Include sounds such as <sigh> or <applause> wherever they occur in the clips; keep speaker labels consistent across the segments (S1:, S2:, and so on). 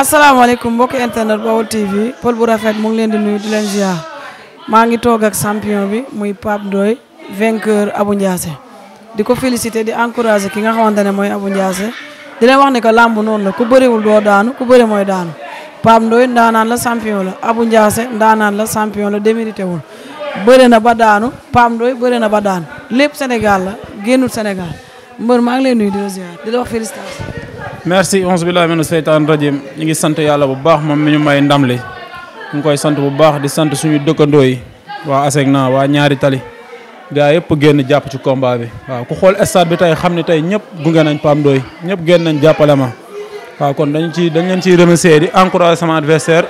S1: asalaamaaleykum mbokk internet Baol TV pël bu rafet mu ngi leen di nuy di leen ziar maa ngi toog ak champion bi muy Pape Ndoye vainqueur Abou Ndiassé di ko féliciter di encourager ki nga xamante ne mooy Abou Ndiassé di leen wax ne que làmb noonu la ku bëriwul doo daanu ku bëri mooy daanu Pape Ndoye ndaanaan la champion la Abou Ndiassé la champion la démérité wul bëri na ba daanu Pape Ndoye bëri na ba daanu lépp Sénégal la génnul Sénégal mbër maa ngi leen nuy di la ziar wax félicitation
S2: merci onze billahi mina seytaan rajim ñu ngi sant yàlla bu baax moom mi ñu may ndam li ñu ngi koy sant bu baax di sant suñu dëkkandoo yi waa naa waa ñaari tali gaa yëpp génn jàpp ci combat bi waaw ku xool stade bi tey xam ne tey ñëpp gunge nañ Pape Ndoye ñëpp génn nañ jàppale ma waaw kon dañ ci dañ leen ciy remercier di encourager sama adversaire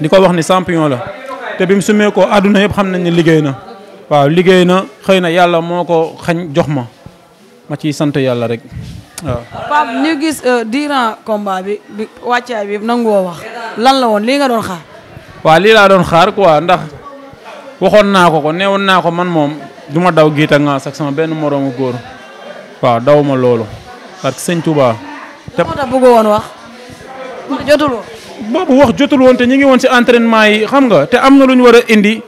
S2: di ko wax ni champion la te bi mu sumee ko àdduna yëpp xam nañ liggéey na waaw liggéey na xëy na yàlla moo ko xañ jox ma ma ciy sant yàlla rek waaw
S1: Pape ñu gis euh, durant combat bi bi wàccaay bi nanguwoo wax lan la woon lii nga doon xaar.
S2: waaw lii laa doon xaar quoi ndax waxoon naa ko ko neewoon naa ko man moom du ma daw giita nga sax sama benn moroomu góor waaw daw ma loolu parce que sëñ Touba. te moo woon wax jotul boobu wax jotul woon te ñu ngi woon si entrainement yi xam nga te am na lu ñu war a indi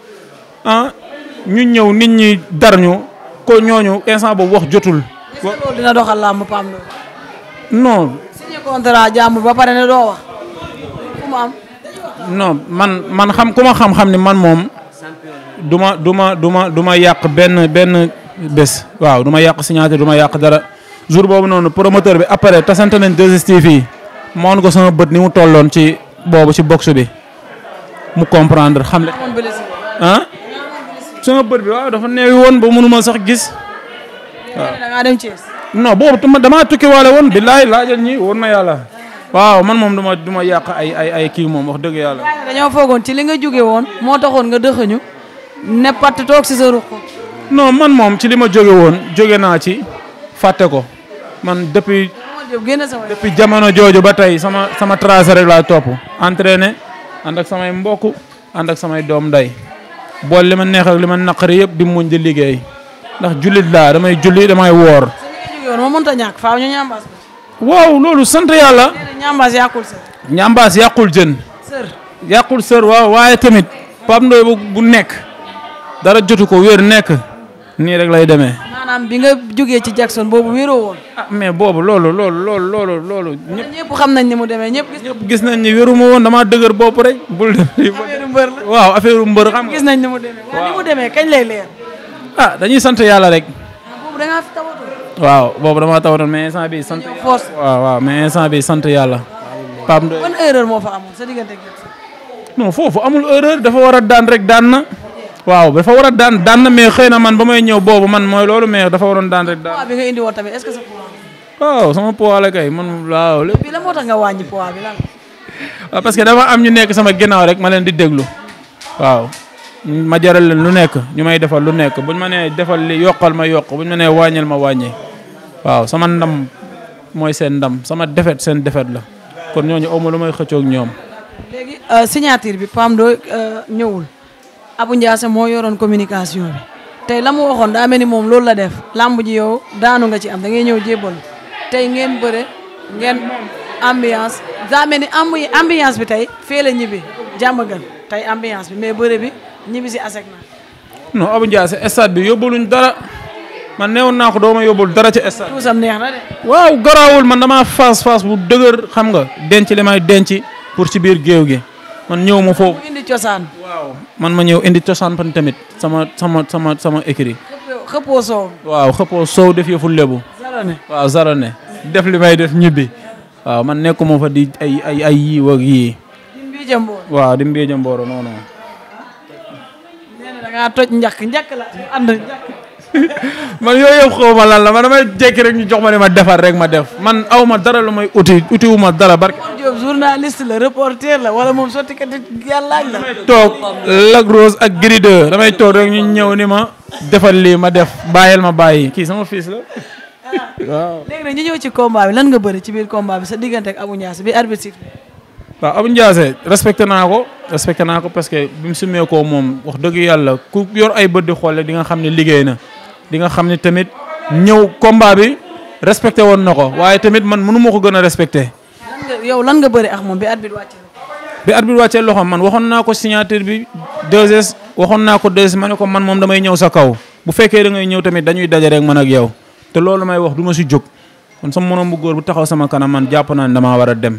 S2: ah ñu ñëw nit ñi dar ñu ko ñooñu instant boobu wax jotul.
S1: waaw loolu dina doxal làmb PAM loolu. non. signé contrat jàmm ba pare ne
S2: man man xam ku ma xam-xam ni man moom. du ma du ma du ma du ma yàq benn benn bés. waaw du ma yàq signature du ma yàq dara jour boobu noonu promoteur bi après tasante nañ 2STV yi. moon ko sama bët ni mu tolloon ci boobu si box bi mu comprendre xam ne. ah sama bët bi waaw dafa neewi woon ba mënuma sax gis. waaw ah. da ngaa dem Thiès. non boobu damaa tukki waale woon billaay laajal ñi woon na yàlla. waaw man moom duma duma yàq ay ay ay kii moom wax dëgg yàlla.
S1: dañoo foogoon ci li nga jóge woon moo taxoon nga dëxëñu ne pat toog si
S2: sa ruq. non man moom ci li ma jóge woon jóge naa ci fàtte ko man depuis. depuis jamono jooju ba tey sama sama tracé rek laa topp entraîné ànd ak samay mbokk ànd ak samay doom nday bool li ma neex li ma naqari yëpp di muñ di liggéey ndax jullit laa damay julli damay woor. waaw loolu sant yàlla. ñambaas yàqul jën. yàqul sër waaw waaye tamit Pape Ndoye bu nekk dara jotu ko wér nekk nii rek lay demee.
S1: maanaam bi nga jógee ci Jackson boobu wéeroo woon. ah mais
S2: boobu loolu loolu loolu loolu loolu. ñëpp
S1: xam nañ ni mu demee ñëpp.
S2: gis nañ ni wéeru ma woon damaa dëgër bopp rek. bul dem lii affaire mbër la gis nañ ni mu demee waaw ni mu ah dañuy sant yàlla rek.
S1: Ah, boobu
S2: waaw boobu damaa tawatoon mais instant bi sant. force waaw waaw mais instant bi sant yàlla. Pape Ndoye
S1: ban moo fa amoon sa diggante
S2: foofu amul erreur dafa war a daan rek daan na. waaw dafa war a daan daan na mais xëy na man ba may ñëw boobu man mooy loolu mais dafa waroon daan rek
S1: daan. poids bi
S2: waaw sama poids la kay man waaw.
S1: bi la moo tax nga wàññi poids bi lan.
S2: waaw ah, parce que dama am ñu nekk sama ginnaaw rek ma leen di déglu waaw. ma jaral leen lu nekk ñu may defal lu nekk buñ ma nee defal li yokkal ma yokk buñ ma nee wàññil ma wàññi waaw sama ndam mooy seen ndam sama defet seen defet la kon ñooñu awma lu may xëccoog ñoom.
S1: léegi euh, signature bi PAM doo euh, ñëwul Abou Ndiassé moo yoroon communication bi tey la mu waxoon daa mel ni moom loolu la def làmb ji yow daanu nga ci am da ngay ñëw jébbal tey ngeen bëre ngeen ambiance daa mel ni ambiance bi tey fee la ñibbi jàmm gën tey ambiance bi mais bëre bi. ñibbi si asek na
S2: non Abou Ndiaye sa stade bi yóbbaluñ dara man neewoon naa ko doo ma yóbbul dara ci stade neex na de waaw garaawul man damaa faas faas bu dëgër xam nga denc li may denc pour ci biir géew gi man ñëw ma foofu
S1: indi cosaan waaw
S2: man ma ñëw indi cosaan pan tamit sama sama sama sama écrit xëppoo soow waaw xëppoo soow def yëfu lebu waaw zarane def li may def ñibbi waaw man nekkuma fa di ay ay ay yii
S1: waaw
S2: di mbiijam booro non
S1: dangaa toj njàkk njàkk la ànd
S2: njàkk <laughs> man yooyu yëpp xaw lan la ma damay jékki rek ñu jox ma ne ma defar rek ma def man aw ma dara lu may uti uti wu ma dara barke.
S1: Diop journaliste la reporter la wala moom sottikat yàllaaj la. damay toog
S2: Lac Rose ak Gris damay toog rek ñu ñëw ni ma defal lii ma def bàyyil ma bàyyi kii sama fils la. Ah. waaw
S1: ñëw ci combat bi lan nga bëri ci biir combat bi sa diggante ak Abou bi arbitre
S2: waaw Abou Ndiassé respecté naa ko respecté naa ko parce que bi mu sumee koo moom wax dëgg yàlla ku yor ay bët di xoole di nga xam ne liggéey na di nga xam ne tamit ñëw combat bi respecté woon na ko waaye tamit man mënu ma ko gën a respecté. yow lan nga bëri ak moom bi arbitre wàccee bi arbitre wàccee loxoom man waxoon naa ko signature bi 2 waxoon naa ko 2S ma ne ko man moom damay ñëw sa kaw bu fekkee da ngay ñëw tamit dañuy daje rek man ak yow te loolu may wax du ma si jóg kon sama morom bu góor bu taxaw sama kanam man jàpp naa ne damaa war a dem.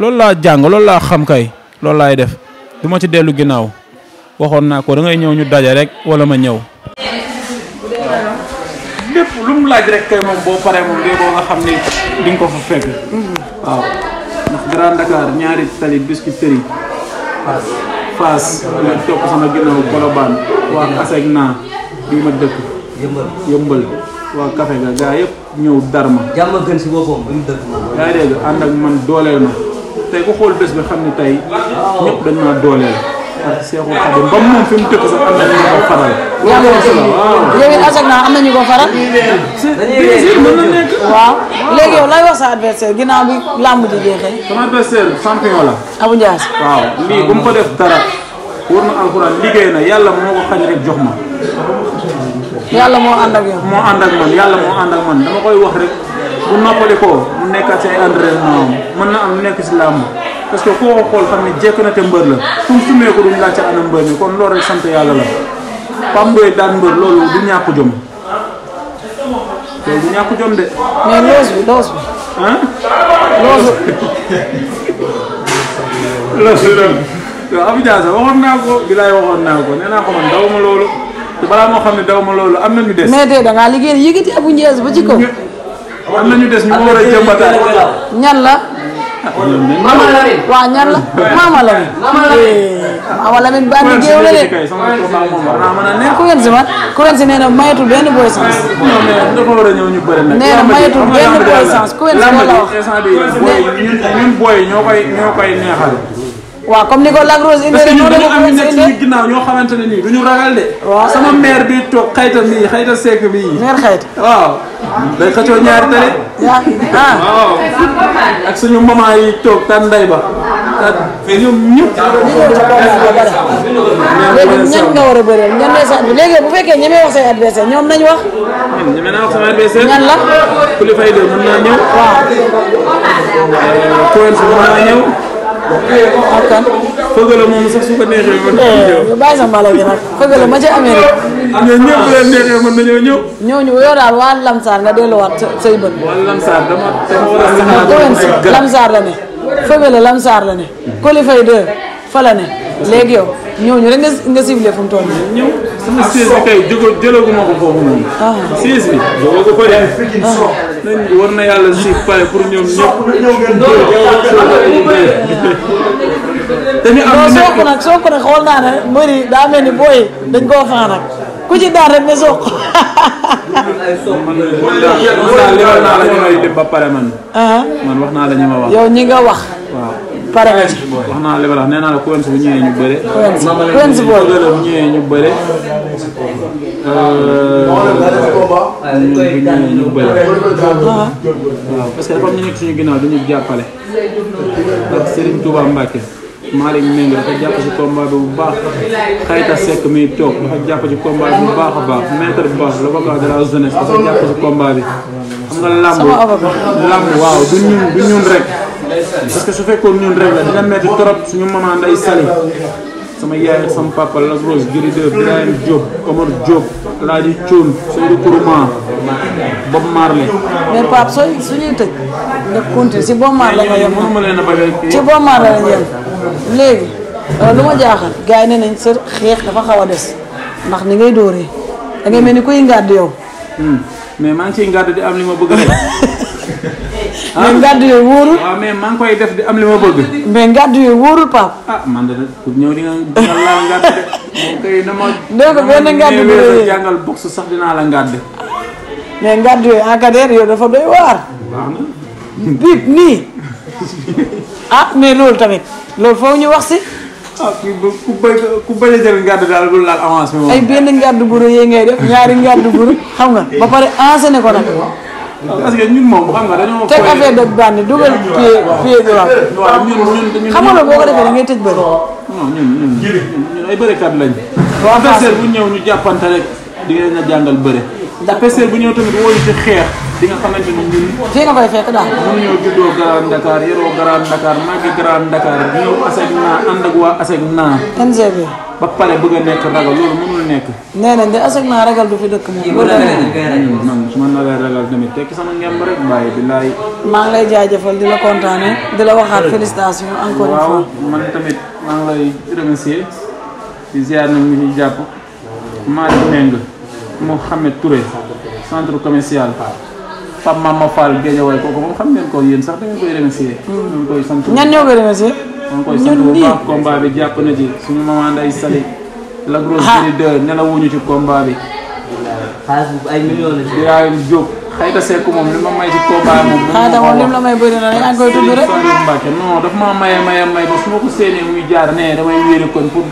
S2: loolu laa jàng loolu laa xam kay loolu laay def du ma ci dellu ginnaaw waxoon naa ko da ñëw ñu daje rek wala ma ñëw. lépp lu mu laaj rek kay moom boo paree moom léegi boo nga xam ne di ko fa fekk. waaw ñaari tali biscuiterie. Fass naa bii ma dëkk. yëmbal yëmbal waa Café ga gaa yëpp ñëw Darma. jàmm gën si ànd ak man dooleel ma. tey ku xool bés bi xam ne tey ñëpp dañ maa dooleel. parce que Seexul Xadim ba moom fi mu dëkk sax am na ñu ko faral. léegi yow
S1: lay wax sa adversaire ginnaaw bi làmb ji jeexee. sama adversaire champion la. Abou Ndiass.
S2: waaw lii bu mu ko def dara wóor na alxuraan liggéey na yàlla moo ko xañ rek yàlla moo ànd ak yow. moo man yàlla moo ànd man dama koy wax rek. bu noppali ko mu nekkaat si ay entraînement mën na am nekk si làmb parce que koo xool xam ne jekk na te mbër la fu mu ko duñ laaj ca anam mbër mi kon loolu sant yàlla la Pape Ndoye daan mbër loolu du ñàkk jom loolu du ñàkk jom de. mais loos bi loos bi. ah. loos bi. loos bi loolu. yow Abou sax waxoon naa ko bilaay waxoon naa ko nee naa ko man daw ma loolu te balaa moo xam ne daw ma loolu am na ñu des. mais tey da
S1: ngaa liggéey yëkkati Abou Ndiès ba ci kaw.
S2: am na ñu des ñu war a jëmbataat ñan la. mama Lamine
S1: waaw ñan la mama Lamine. mama Lamine. mama Lamine eh, bànn géew la de. ku ngeen si mat ku ngeen si nee na mayatul benn boy sens.
S2: nee na mayatul benn boy sens ku ngeen si loolu la wax. ñun booy ñoo koy ñoo koy neexal.
S1: waaw comme ni ko Lac Rose indee parce que ñun dañu am ñu nekk suñu
S2: ginnaaw ñoo xamante ne nii duñu ragal de. waaw sama maire bi toog xayta mii xayta sekk mii. maire xayta waaw. day xëccoo ñaari télé. ah waaw. ak suñu maman yi toog tan nday ba. te ñoom ñëpp. léegi ñan
S1: nga war a bëreel ñan lay sa léegi bu fekkee ñemee wax say adversaire ñoom nañ wax.
S2: ñun ñemee naa wax sama adversaire. ñan la. ku li fay de mën naa ñëw. waaw. Eh, Coen si mën naa ñëw. ak kan. Feugeuleu moom sax su neexee mën nañu ñëw.
S1: bàyyi sa mbalaay gi nag Feugeuleu ma ci Amérique. ñooñu mën nañoo ñëw. ñooñu yow daal waa Lamsaar nga delluwaat say bët. waa Lamsaar dama dama war a. saxaat Lamsaar la ne. Feugeuleu Lamsaar la fa la ne léegi yow ñooñu rek nga ciblé fu mu toll nii. ñëw bi kay
S2: jóge jëlaguma ko foofu noonu. Ah. siège bi boo war na yàlla si pare pour ñoom ñëpp.
S1: dañu am lu nekk soo ko xool naa ni booy dañ koo ku ci daan
S2: <laughs> wax naa la ñu may dem pare man. Ah. man wax naa la ñu ma wax. yow ñi nga wax. pare wax naa li ma la wax nee naa la Quench bu ñëwee ñu bëre. Quench bu ñëwee ñu bëre. ñu
S1: ñëwee
S2: ñu bëre. waaw parce que dafa am ñu nekk suñu ginnaaw dañu jàppale. ak Serigne Touba Mbacke. Malick Meng dafa jàpp ci combat bi bu baax Xayta Seck mi toog dafa jàpp ci combat bi bu baax a baax maître Ba l'avocat de la jeunesse dafa jàpp ci combat bi. xam nga làmb làmb waaw rek. parce que su fekkoon nii rek la dina metti trop suñu maman Ndeye Saly sama yaay ak sama papa la Rose Gris 2 Birahim Diop Omar Diop Laaji Thion Seydou Kourouma Bob Marley.
S1: mais Pape sooy suñuy tëj nga continué si Bob Marley la nga yem
S2: ci Bob Marley la nga yem
S1: léegi euh, lu ma jaaxal gars nañ sa xeex dafa xaw a des ndax ni ngay dóoree da ngay mel ni kuy ngàdd yow.
S2: Hmm. mais maa ngi ciy di am li ma bëgg rek. <laughs> Ah. mais ngàdd yooyu wóorul. waaw mais maa koy def di am li ma bëgg. mais ngàdd yooyu wóorul Pape. Ah, man de pour de. moom kay na ma. dégg nga benn ngàdd sax dinaa la ngàdd. mais
S1: ngàdd yooyu encadré yow dafa doy waar. baax nii. ah mais loolu tamit loolu foofu ñu wax si.
S2: ah ku ku béy ku béy la jël ngàdd daal bu laal avance bi ay
S1: benn ngàdd bu rëy ngay def ñaari ngàdd bu rëy xam nga ba pare enseigné ko nag.
S2: parce que ñun moom xam
S1: dugal pied pied droit. waaw xam nga boo ko defee da ngay tëj bëri.
S2: non ñun ñun ñun ay bërekat lañ. bu ñëw ñu jàppante rek di ngeen a jàngal bëre. ndax bu ñëw tamit wóolu ci xeex. di nga xamante ni ñun.
S1: fii nga koy fekk daal. mënuñoo
S2: juddoo Grand Dakar yoroo Grand Dakar màggi Grand Dakar ñëw aseg naa ànd ak waa aseg naa. NGB. ba pare bëgg a nekk ragal loolu mënul nekk.
S1: nee nañ de aseg naa ragal du fi dëkk moom. bu hmm,
S2: man su ma ragal tamit tekki sama ngemb rek bàyyi billaay.
S1: maa ngi lay jaajëfal di la kontaane di la waxaat félicitations encore
S2: une man tamit maa ngi lay remercier di ziar nag ñu ngi jàpp Malick centre commercial. Pape Mama Fall Guédiawaye kooku moom xam ngeen ko yéen sax da ngeen koy remercier. Mm. ñu ngi koy sant ñan ñoo koy
S1: remercier. ñun koy sant bu
S2: baax combat bi na ci suñu maman ah. la grosse de nelawuñu ci combat bi. bu ay la. Birahim Diop xayta Seck moom li ma may ci combat moom. xayta moom lim la
S1: may bëri na yaa ngi koy tudd rek.
S2: Mbacke non daf maa maye maye may ba su ma ko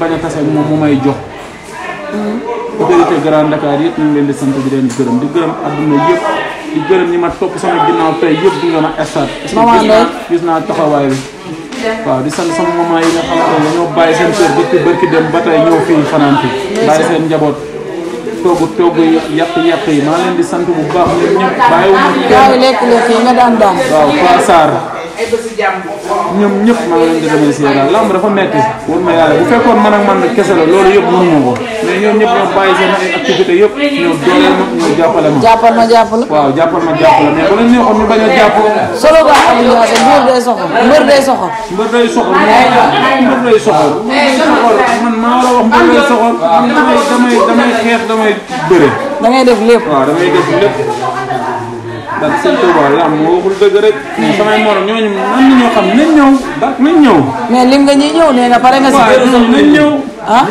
S2: a tase mm. Grand Dakar yëpp ñu ngi leen di sant di leen gërëm di gërëm adduna yëpp. di gërëm ñi ma topp sama ginnaaw tey yëpp di nga ma estat gis naa taxawaay bi waaw di sant sama maman yi nga xamante ne dañoo bàyyi seen kër bërki bërki dem ba tey ñëw fii fanaan bàyyi seen njaboot togg togg yàq yàq yi maa leen di sant bu baax ñun ñëpp bàyyiwuma kenn
S1: waaw Pa Sarr
S2: ñoom ñëpp a ngi leen di remercier daal lamb dafa metti wóor ma yàlla bu fekkoon man ak man kese la loolu yëpp mënu ma ko mais
S1: ñëpp ñoo bàyyi seen ay
S2: activité yëpp ñoo ma jàppale ma jàppal ma jàppale waaw jàppal ma jàppale neexoon ñu bañ a jàpp solo ba am ñu wax mbër
S1: day soxor mbër day soxor mbër day soxor mbër day soxor man maa la wax mbër day soxor damay damay damay
S2: xeex damay bëre da ngay def lépp waaw damay def lépp ndax sëñ Touba la am waxul dëgg rek. samay morom ñooñu am na ñoo xam nañ ñëw baax nañ ñëw. mais lim nga ñuy ñëw nee nga si. Ah?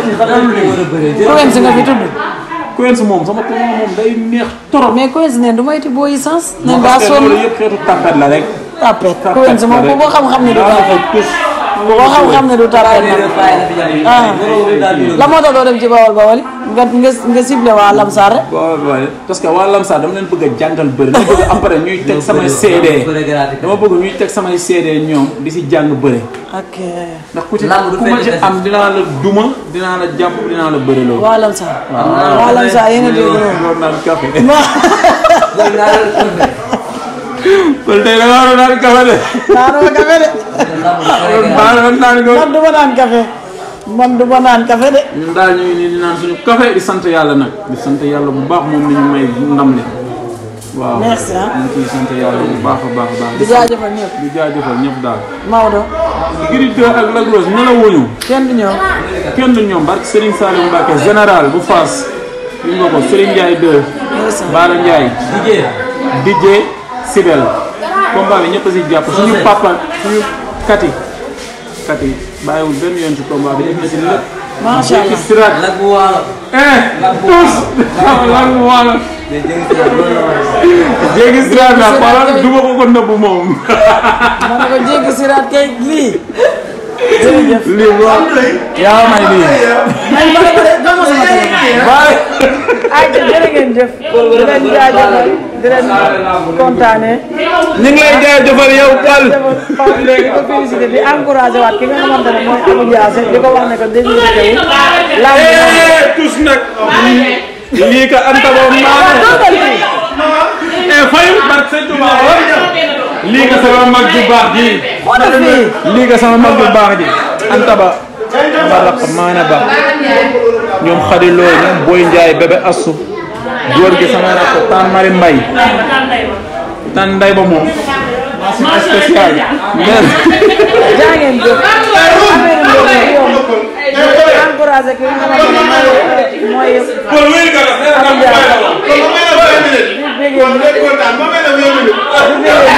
S1: moom sama tool moom day neex torop. mais Coen si ne du may ti booy yi sens. nañ daa sonn loolu yëpp
S2: xeetu tapet la rek. tapet Coen si moom ku ko xam-xam ne du baax.
S1: boo xam-xam ne du tardé nag ah. ah. la moo tax doo dem a bawol bawol nga nga nga ciblé waa Lamsar
S2: rek. parce que waa Lamsar dama leen bëgg a jàngal bëri dama bëgg ñoom di si jàng bëri.
S1: ok ndax ku ci ku ma ci
S2: am dinaa la duma dinaa la jàpp dinaa la bëri loolu. waa Lamsar. waa Lamsar yéen a déglu <laughs> kon tey da nga waroon naan kafe de. man
S1: du ma naan kafe. man du ma naan kafe de.
S2: ñun daal ñu nii naan suñu kafe di sant yàlla nag di sant yàlla bu baax moom la ñu may ndam li. waaw merci ah ñu ngi yàlla bu baax a baax a baax. di jaajëfal ñëpp di jaajëfal ñëpp daal. Maodo. Gris 2 ak Lac Rose ne la wuñu. kenn du ñoom. kenn ñoom barke Serigne Saliou Mbacke général bu Fass. ñu nga ko Serigne Ndiaye 2. Baara Ndiaye. Dijé Dijé. Sibel combat bi ñëpp a si jàpp suñu papa suñu kati kati bàyyiwul benn yoon ci combat bi def na si lépp. macha allah jéggi siraat lakk waalo. tous lakk waalo. jéggi siraat la xoolal duma ko ko nëbbu moom. ma ne ko jéggi siraat kay lii. jërëjëf lii boo
S1: yaa may lii. man man man man jërë ngeen jëf. di leen jaajëfal di leen kontaanee. ñu ngi lay jaajëfal yow Pall. Pall léegi ko félicité di encouragé waat ki nga xamante ne mooy Abou Diassé
S2: di ko wax ne que déglu nga teewul. laaw bi eh, tus nag. lii ka am taboo maanaam.
S1: lii nga sama mag ju baax
S2: ji. Anta Ba. Baraq Maana Ba. ñoom Xadi Lo ñoom Boy Ndiaye bébé Assu. góor gi sama rakk Tàn Mari Mbay. Tàn Nday ba moom.
S1: mention spéciale. jaa ngeen jëf. encouragé ki nga xamante ne